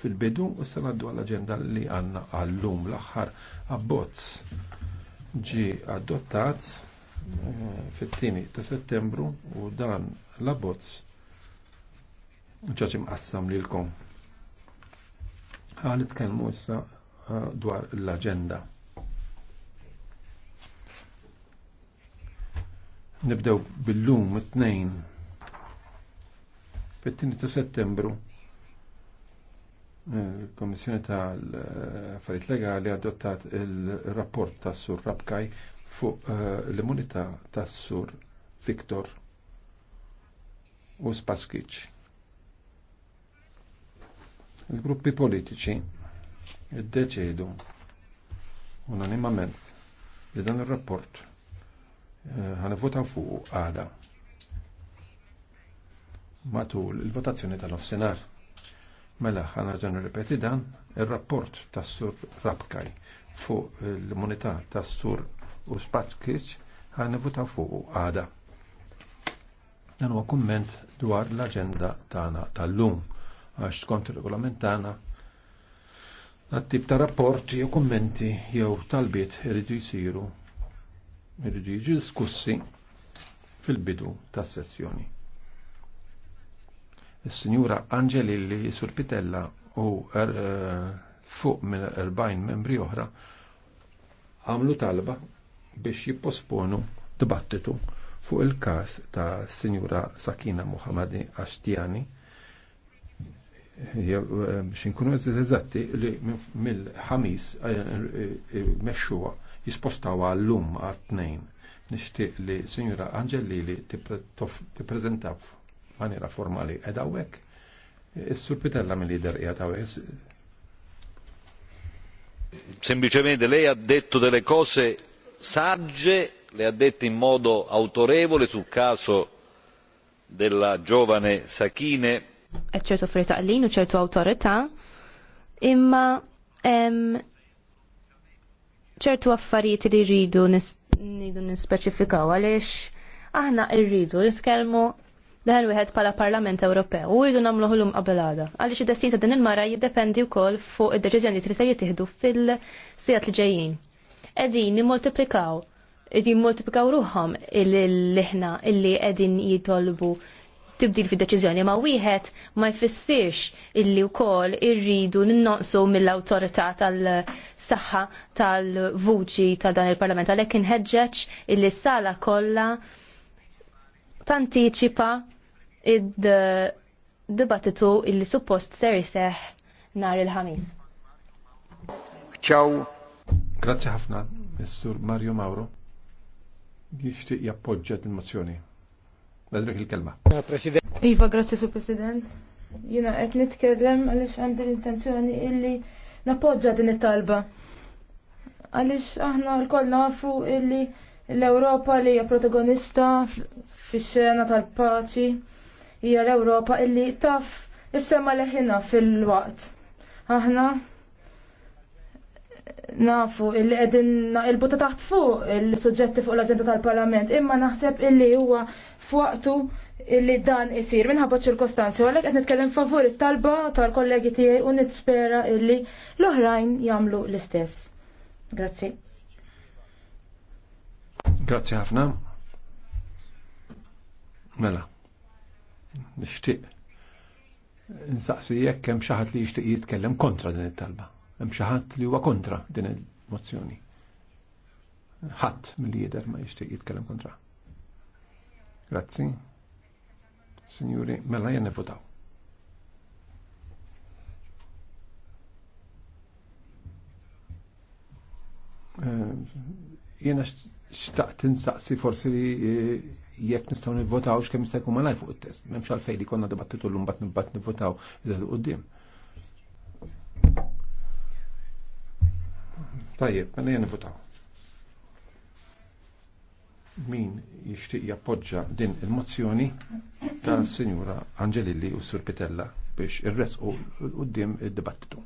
fil-bidu u s-sanaddu għall-agenda li għanna għallum l-axħar abbozz ġi adottat eh, fit-tini ta' settembru u dan l-abbozz ġaċim qassam lilkom. Għalit kelmu issa eh, dwar l-agenda. Nibdew bil-lum it-tnejn fit-tini ta' settembru il-Komissjoni tal-Affarijiet Legali adottat il-rapport tas Sur Rabkaj fuq eh, l-immunità tas Sur Viktor u Spaskic. Il-gruppi politiċi id-deċedu unanimament li dan il-rapport eh, vota fuq għada matul il-votazzjoni tal-offsenar. Mela, ħana ripeti dan, il-rapport tas sur Rabkaj fuq l-immunità tas sur u spaċkiċ ħan votaw fuq għada. Dan huwa kumment dwar l-agenda tagħna tal-lum għax skont ir-regolament tagħna għattib ta' rapporti jew kummenti jew talbiet irridu jsiru irridu jġi diskussi fil-bidu tas-sessjoni s-Sinjura Angelilli Surpitella u er, eh, fuq minn 40 membri oħra għamlu talba biex jipposponu dibattitu fuq il-kas ta' Sinjura Sakina Muhammadi Ashtiani eh, biex nkunu eżatti li mill-ħamis eh, meċxuwa jispostaw għall-lum għat-tnejn. Nishtiq li Sinjura Angelili prezentaw maniera formali ed awek is surpitella mill-lider qiegħed awek Semplicemente lei ha detto delle cose sagge, le ha dette in modo autorevole sul caso della giovane Sakine. E ehm, certo affarijiet għallin certo autorità. awtorità, imma ċertu affarijiet li rridu nispeċifikaw għaliex aħna rridu nitkellmu dan wieħed pala Parlament Ewropew u jridu nagħmlu ħulum qabel għada. Għaliex id-destin ta' din il-mara jiddependi wkoll fuq id-deċiżjoni li se jittieħdu fil-sigħat li ġejjin. Qegħdin nimmultiplikaw, qegħdin multiplikaw ruhom il-liħna illi qegħdin jitolbu tibdil fi deċiżjoni ma wieħed ma jfissirx illi wkoll irridu ninnoqsu mill-awtorità tal-saħħa tal-vuċi ta' dan il-Parlament għalhekk inħeġġeġ illi s-sala kollha tantiċipa id-dibattitu illi suppost ser seħ nar il-ħamis. Ciao. Grazie ħafna, Messur Mario Mauro. Jixtieq jappoġġa il-mozzjoni. Nadrek il-kelma. Iva, grazie Sur President. Jina qed nitkellem għaliex għandi l-intenzjoni illi nappoġġa din it-talba. Għaliex aħna l-koll nafu illi l-Ewropa li hija protagonista fix-xena tal-paċi hija l-Ewropa illi taf is-sema leħina fil-waqt. Aħna nafu illi qegħdin naqilbu ta' taħt fuq il-suġġetti fuq l-aġenda tal-Parlament, imma naħseb illi huwa f'waqtu illi dan isir minħabba ċirkostanzi, u għalek nitkellem favur it-talba tal-kollegi tiegħi u nitspera illi l-oħrajn jagħmlu l-istess. Grazzi. Grazzi ħafna. Mela nixtieq nsaqsi jekk hemm xi ħadd li jixtieq jitkellem kontra din it-talba. Hemm xi ħadd li huwa kontra din il-mozzjoni. Ħadd milli jidher ma jixtieq jitkellem kontra. Grazzi. Signori, mela jenne votaw. Eh, Jena xtaqt nsaqsi forsi li eh, jekk nistgħu nivvotaw x'kemm jista' jkun malaj fuq it-test. M'hemmx għalfejn li konna dibattitu llum mbagħad nibgħat nivvotaw iżda quddiem. Tajjeb, ma mela nejja nivvotaw. Min jixtieq jappoġġa din il-mozzjoni tas sinjura Angelilli u Sur Pitella biex irresqu quddiem id-dibattitu.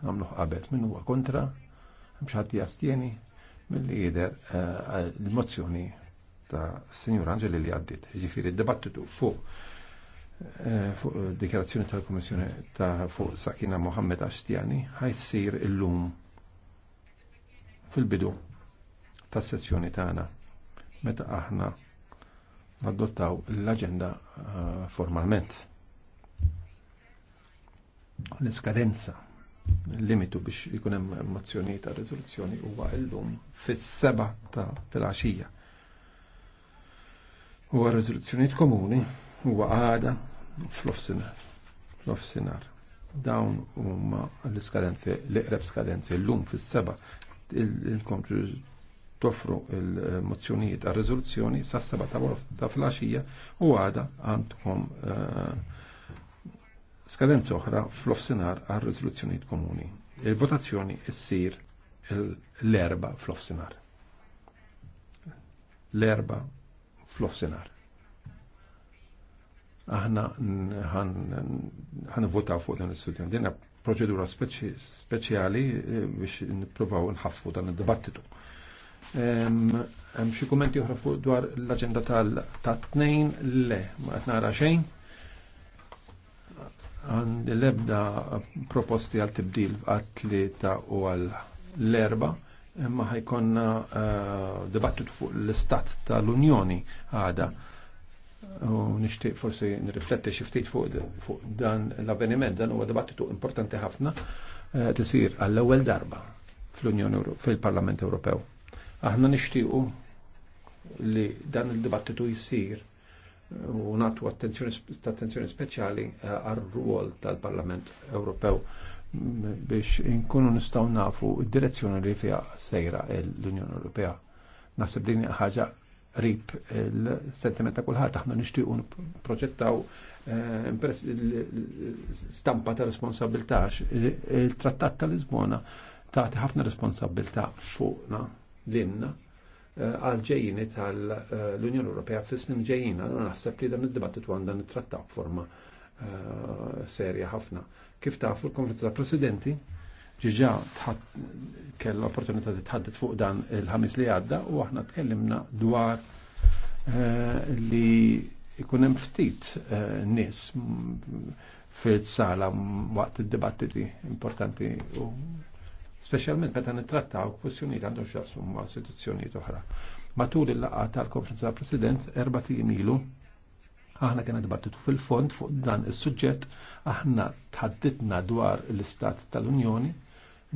Għamluħ qabel, min huwa kontra, mxħat jastjeni, mill-li eh, l-mozzjoni ta' Signor Angeli li għaddit. Ġifiri, dibattitu fuq eh, fuq dikjarazzjoni tal-Komissjoni ta' fuq Sakina Mohammed Ashtiani ħajsir illum fil-bidu tas sessjoni tagħna meta aħna nadottaw l-aġenda eh, formalment. L-iskadenza limitu biex ikun hemm mozzjoni ta' riżoluzzjoni huwa llum fis-seba ta' filgħaxija. U għal rezoluzzjonijiet komuni huwa għada fl-ofsinar. Fl-ofsinar. Dawn huma l skadenzi, l-iqreb skadenzi l-lum fis-seba il-komplu toffru il-mozzjonijiet għal rezoluzzjoni sa' seba ta' ta' flasġija u għada għandhom eh, skadenza oħra fl-ofsinar għal rezoluzzjonijiet komuni. Il-votazzjoni s-sir l-erba fl-ofsinar. L-erba fl-offsenar. Aħna ħan vota fuq dan l-istudjon. Dina proċedura speċjali eh, biex nipprovaw nħaffu dan il-dibattitu. Hemm xi kummenti oħra fuq dwar l-aġenda tat tnejn le ma qed nara xejn Għandi l-ebda proposti għal tibdil għat tlieta u għal l-erba' imma ħajkonna eh, dibattitu fuq l-istat tal-Unjoni għada. U nishtiq forsi nirrifletti xiftit fuq dan l-avveniment, dan huwa dibattitu importanti ħafna tisir eh, għall-ewwel darba fl-Unjoni fil-Parlament Ewropew. Aħna nixtiequ li dan il-dibattitu jisir eh, u natu attenzjoni speċjali għar-rwol tal-Parlament Ewropew biex inkunu nistaw nafu id-direzzjoni li fija sejra l-Unjoni Ewropea. Nasib li ħaġa rib il-sentiment ta' kulħadd aħna nixtiequ proġettaw eh, stampa ta' responsabilità il-Trattat ta' Lisbona tagħti ħafna responsabilità fuqna l-inna eh, għal-ġejjini tal-Unjoni eh, Ewropea fis-snin ġejjina, naħseb li dan id-dibattitu għandha nittrattaw forma Eh, serja ħafna. Kif tafu l-konferenza ta' presidenti ġiġa kell opportunità li tħaddit fuq dan il-ħamis li għadda u aħna tkellimna dwar eh, li ikun hemm ftit eh, nies fil-sala waqt id-dibattiti importanti u specialment meta nittrattaw kwestjonijiet għandhom x'jaqsmu ma' istituzzjonijiet oħra. Matul il-laqgħa tal-konferenza tal-President erba' ilu Aħna kena dibattitu fil-fond fuq dan is-suġġett, aħna tħaddidna dwar l-istat tal-Unjoni,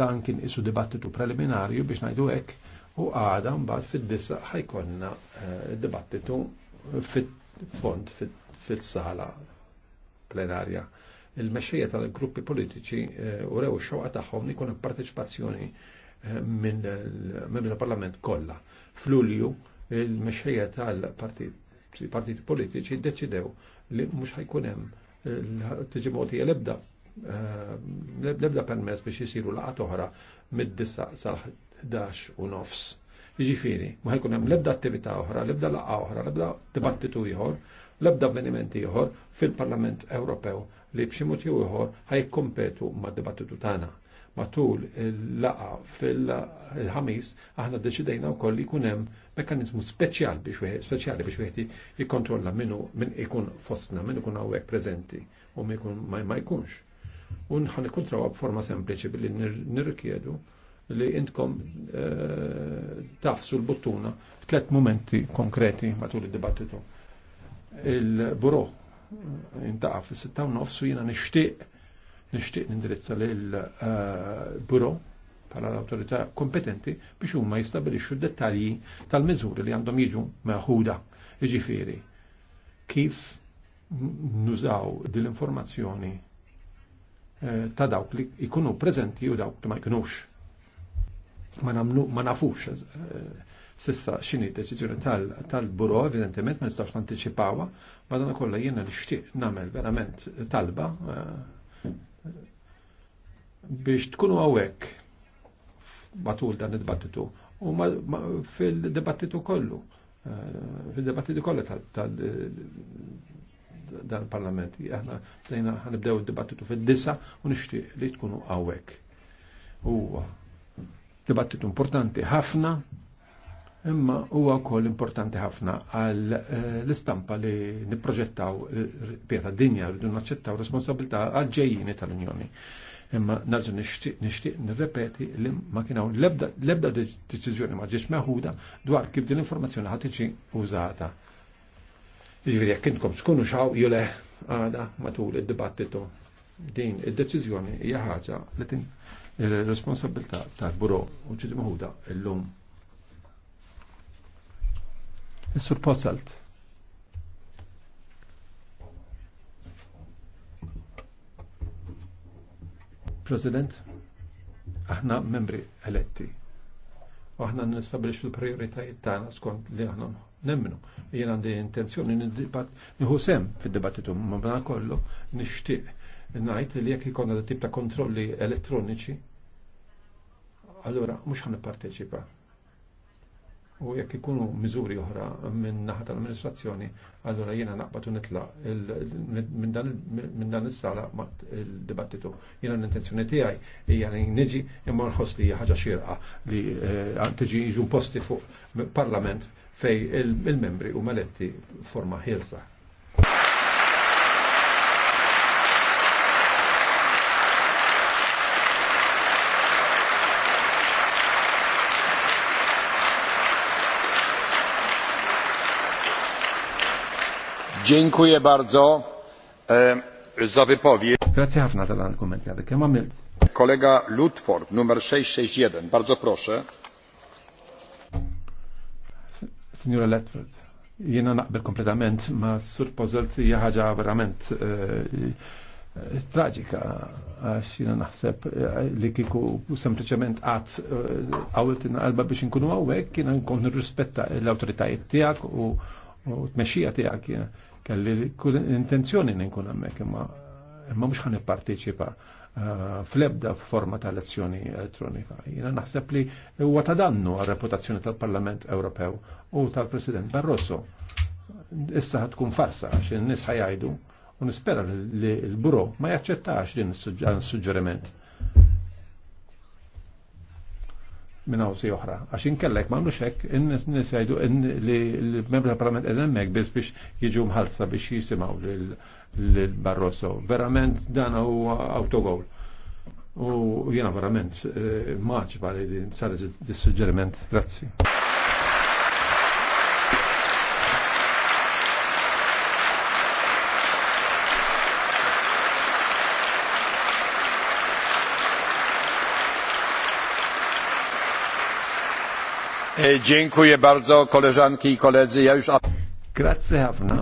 dan kien isu dibattitu preliminarju biex najdu hekk u għada mbagħad fid dissa ħajkonna eh, dibattitu fit-fond fil-sala plenarja. Il-mexxejja tal-gruppi politiċi eh, u rew xewqa tagħhom ikun partecipazzjoni eh, minn il-Parlament kollha. F'Lulju il-mexxejja tal-Partit partiti politiċi deċidew li mhux ħajkun hemm eh, tiġi l-ebda eh, l-ebda permess biex jisiru laqat oħra mid-disa sal-11 u nofs. Jiġifieri, ma ħajkun hemm l-ebda attività oħra, l-ebda laqgħa oħra, l-ebda dibattitu ieħor, l-ebda avvenimenti ieħor fil-Parlament Ewropew li b'xi mod ieħor ħajkompetu mad-dibattitu tagħna matul il-laqa fil-ħamis aħna deċidejna wkoll li jkun hemm mekkaniżmu speċjal biex speċjali biex wieħed jikkontrolla minnu minn ikun fostna, min ikun hawnhekk prezenti u min ikun ma jkunx. U nħan trawa b'forma sempliċi billi nirrikjedu li intkom eh, tafsu l-buttuna f'tlet momenti konkreti matul id-dibattitu. Il-buro eh, intaqa fis-sitta nofsu jiena nixtieq nixtieq nindirizza lil eh, buro bħala l autorita kompetenti biex huma jistabilixxu dettalji tal-miżuri li għandhom jiġu meħuda. Jiġifieri kif nużaw din l-informazzjoni eh, ta' dawk li jkunu preżenti u dawk li ma jkunux. Ma nafux eh, sissa xini deċizjoni tal-buro, evidentement, ma nistax nanticipawa, ma dan kolla jiena li xtiq namel verament talba biex tkunu għawek matul dan id-dibattitu u fil-dibattitu kollu eh, fil-dibattitu kollu dan parlament aħna dejna ħanibdew id-dibattitu fil-disa u nishti li tkunu għawek. u dibattitu importanti ħafna imma huwa wkoll importanti ħafna għal eh, l-istampa li nipproġettaw pieta dinja rridu naċċettaw responsabilità għal ġejjini tal-Unjoni. Imma narġa nixtieq nixtieq nirrepeti li ma kien hawn l-ebda deċiżjoni ma ġiex meħuda dwar kif din l-informazzjoni ħadd tiġi użata. Jiġifieri jekk intkom tkunu xaw jew le għada matul id-dibattitu din id-deċiżjoni hija ħaġa li tin eh, responsabilità tal-buro u ġidi meħuda llum. Is-Sur Posselt. President, aħna membri eletti. U aħna nistabilix il-prioritajiet tagħna skont li aħna nemmnu. Jien għandi intenzjoni nieħu sem fid-dibattitu ma bna kollu nixtieq ngħid li jekk ikonna tip ta' kontrolli elettroniċi, allura mhux ħanipparteċipa. parteċipa u jekk ikunu miżuri oħra minn naħa tal-amministrazzjoni, allora jiena naqbatu nitla minn dan is-sala il-dibattitu. Jiena l-intenzjoni tiegħi hija niġi imma nħoss li ħaġa xirqa li eh, tiġi jiġu posti fuq parlament fej il-membri u maletti forma ħielsa. Dziękuję bardzo e, za wypowiedź. Grazie ħafna tal-argumenti għadek. Kemm għamil? Kolega Lutford, numer 661. Bardzo proszę. Signora Letford, jena naqbel kompletament ma sur Pozelt hija ħaġa verament e, e, traġika għax jina naħseb e, li kiku sempliciment għat għawilt qalba biex nkunu għawek kien nkun nirrispetta l-autoritajiet tijak u t-mexxija tijak kelli kull intenzjoni ninkun hemmhekk imma imma mhux ħan ipparteċipa eh, fl-ebda forma ta' elezzjoni elettronika. Jina naħseb li huwa ta' dannu għal reputazzjoni tal-Parlament Ewropew u tal-President Barroso. Issa tkun farsa għax in-nies ħajajdu u nispera li l-buro ma jaċċettax din is-suġġeriment. minn għawsi oħra. Għaxin kellek ma' mlux n nisajdu li l-membri ta' parlament edemmek biex biex jiġu mħalsa biex jisimaw l-Barroso. Verament dan huwa autogol. U jena verament eh, maċ bħal din saret dis-suġġeriment. Grazzi. E, dziękuję bardzo koleżanki i koledzy. Ja już... Grazie ħafna.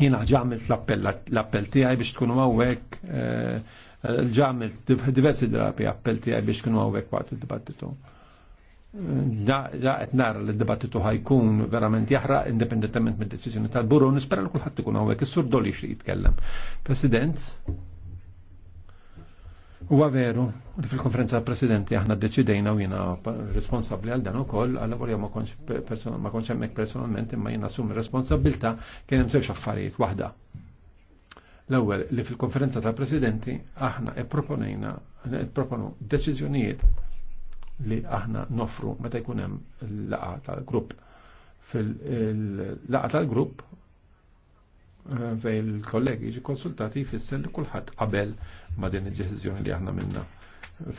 Jina ġamilt l-appell tijaj biex tkunu għawek, e, ġamilt diversi drabi appell tijaj biex tkunu għawek waqt il-dibattitu. Da qed nara li d-dibattitu ħajkun verament jaħraq indipendentament mid-deċiżjoni tal-buru, nispera li kulħadd ikun hawnhekk is-sur doli xi jitkellem. President, Huwa veru li fil-konferenza presidenti aħna deċidejna u jina responsabbli għal dan ukoll, għal lavorja ma konċ ma konċ hemmhekk personalment imma jien assum responsabilità kien hemm żewġ affarijiet waħda. L-ewwel li fil-konferenza tal presidenti aħna ipproponejna proponu deċiżjonijiet li aħna nofru meta jkun hemm l-laqa tal-grupp. Fil-laqa tal-grupp Eh, fej l kollegi ġi konsultati jfisser li kulħadd qabel ma' din id-deċiżjoni li aħna minna.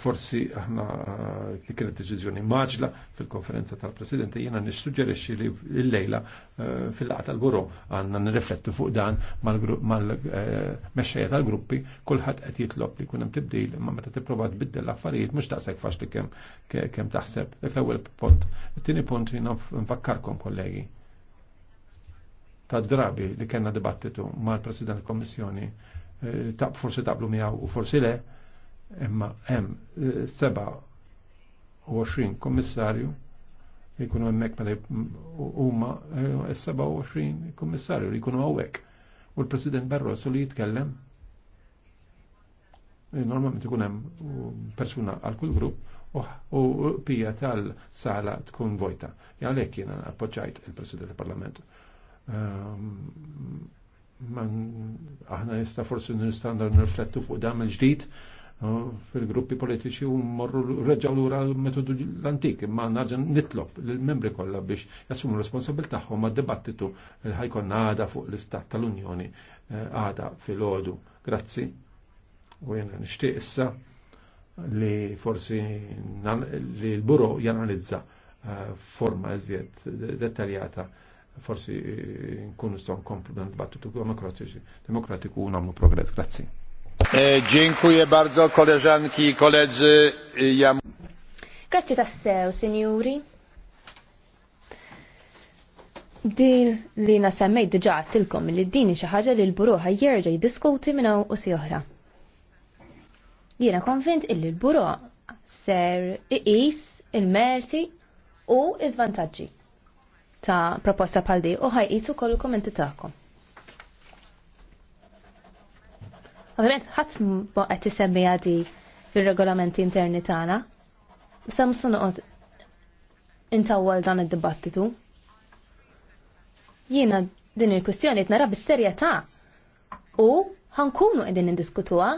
Forsi aħna eh, li kienet deċiżjoni maġla fil-konferenza tal-Presidenti jiena nissuġġerixxi li l-lejla eh, fil-laqgħa tal-buro għandna nirriflettu fuq dan mal-mexxejja tal-gruppi kulħadd qed jitlob li jkun hemm tibdil imma meta tipprova tbiddel l-affarijiet mhux daqshekk faċli kemm kemm taħseb. Dak l-ewwel punt. It-tieni punt jiena nfakkarkom kollegi ta' drabi li kena dibattitu mal-President Kommissjoni eh, ta' forsi ta' blumijaw u forsi le, imma hemm jikunu eh, kommissarju jkunu hemmhekk meta eh, seba' 27 kommissarju li jkunu għawek U l-President Barroso li jitkellem normalment ikun hemm persuna għal kull grupp u pija tal-sala tkun vojta. E għalhekk jiena appoġġajt il-President tal-Parlament. Ehm, aħna nista' forsi nistandar nirflettu fuq dam il-ġdid eh, fil-gruppi politiċi u morru reġaw lura l-metodu l-antik, imma narġan nitlob l-membri kollha biex jassumu responsabil tagħhom ma' dibattitu l-ħajkon għada fuq l-istat tal-Unjoni eh, għada fil-ħodu. Grazzi. U jena nishtiq issa li forsi li l-buro janalizza eh, forma eżjed dettaljata forsi eh, nkunu staw nkomplu dan il-battitu demokratiku u nagħmlu progress. Grazzi. E, dziękuję bardzo koleżanki i koledzy. E, ja... Grazzi tassew, signori. Din li nasemmej diġa għattilkom li din xi ħaġa li l-buru jirġa jiddiskuti minn u si oħra. Jiena konvint illi l buruħa ser iqis il-merti u iż-vantaġġi ta' proposta pal di u ħajqisu kollu kommenti tagħkom. Ovvjament ħadd ma qed isemmija di fir-regolamenti interni tagħna. Sam sunu noqgħod intawwal dan id-dibattitu. Jiena din il-kwistjoni qed nara bis-serjetà u ħankunu qegħdin indiskutuwa.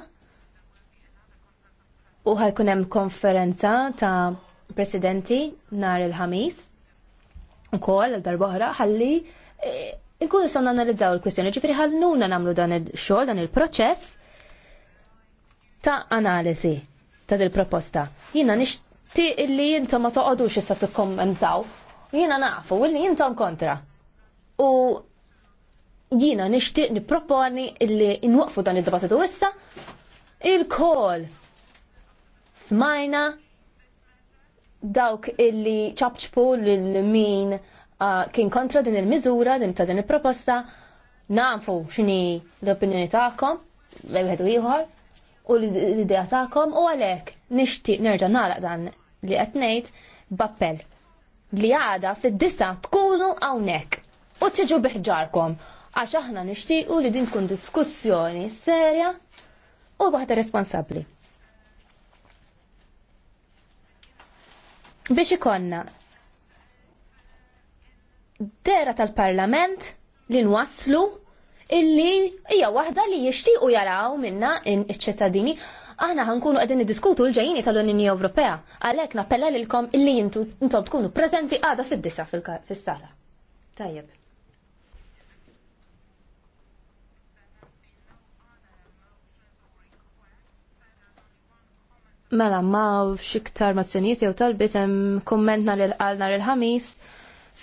u ħajkun hemm konferenza ta' presidenti nhar il-ħamis ukoll għal darbohra ħalli e, nkunu sa nanalizzaw il kwistjoni ġifieri ħallnuna nagħmlu dan il-xogħol, dan il-proċess ta' analiżi ta' il proposta Jiena nixtieq illi intom ma toqgħodux issa tikkommentaw. Jiena nafu, illi jintom kontra. U jina nixtieq niproponi illi inwaqfu dan id-dibattitu issa il-kol. Smajna dawk illi ċabċpu l-min uh, kien kontra din il-miżura, din ta' din il-proposta, nafu xini l-opinjoni ta'kom, l-għed u u l-idea ta'kom, u għalek nishti nerġa' nalaq dan li għetnejt bappell li għada fid-disa tkunu għawnek u tċeġu biħġarkom għax aħna nishtiqu li din tkun diskussjoni serja u waħda responsabli. biex ikonna dera tal-parlament li nwasslu illi hija waħda li jixtiequ jaraw minna iċ-ċittadini aħna ħankunu qegħdin niddiskutu l-ġejjini tal-Unjoni Ewropea. Għalhekk nappella lilkom illi intom tkunu preżenti għada fid-disa fis-sala. Tajjeb. Mela ma xiktar mazzjonijiet jew talbit hemm kumment nhar il-qal nhar il-ħamis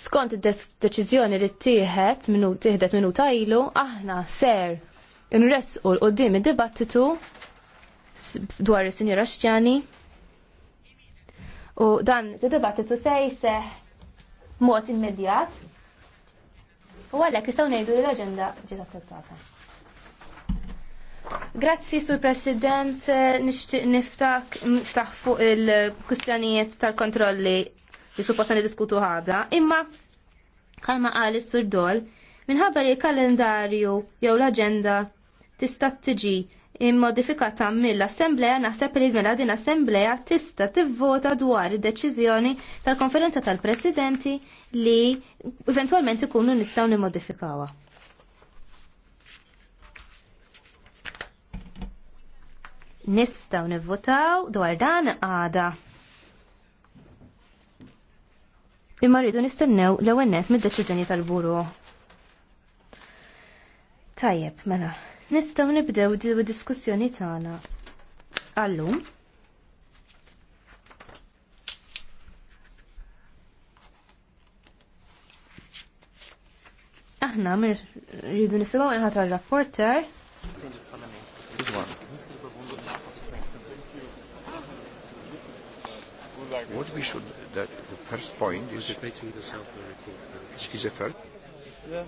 skont id-deċiżjoni li tieħed minu tieħdet minu tajlu aħna ser nresqu l-qoddim id-dibattitu dwar is-Sinjora Xtjani u dan id-dibattitu se jseħ mod immedjat u għalhekk jistgħu ngħidu li l-aġenda ġiet attettata. Grazzi, Sur President, nixtieq niftaħ fuq il kwistjonijiet tal-kontrolli li supposta diskutu ħabla. Imma, kalma għal sur dol, minħabba li kalendarju jew l-agenda tista' tiġi immodifikata mill-Assembleja naħseb li mela din Assembleja tista' tivvota dwar id-deċiżjoni tal-Konferenza tal-Presidenti li eventwalment ikunu nistgħu nimmodifikawha. Nistaw nivvotaw dwar dan għada. Imma rridu nistennew l-ewwel mid-deċiżjoni tal-buru. Tajjeb, mela, nistgħu nibdew diskussjoni tagħna. Allum, aħna mir rridu nisimgħu inħatar rapporter. What we should, that the first point is... Is, is a first? Yeah.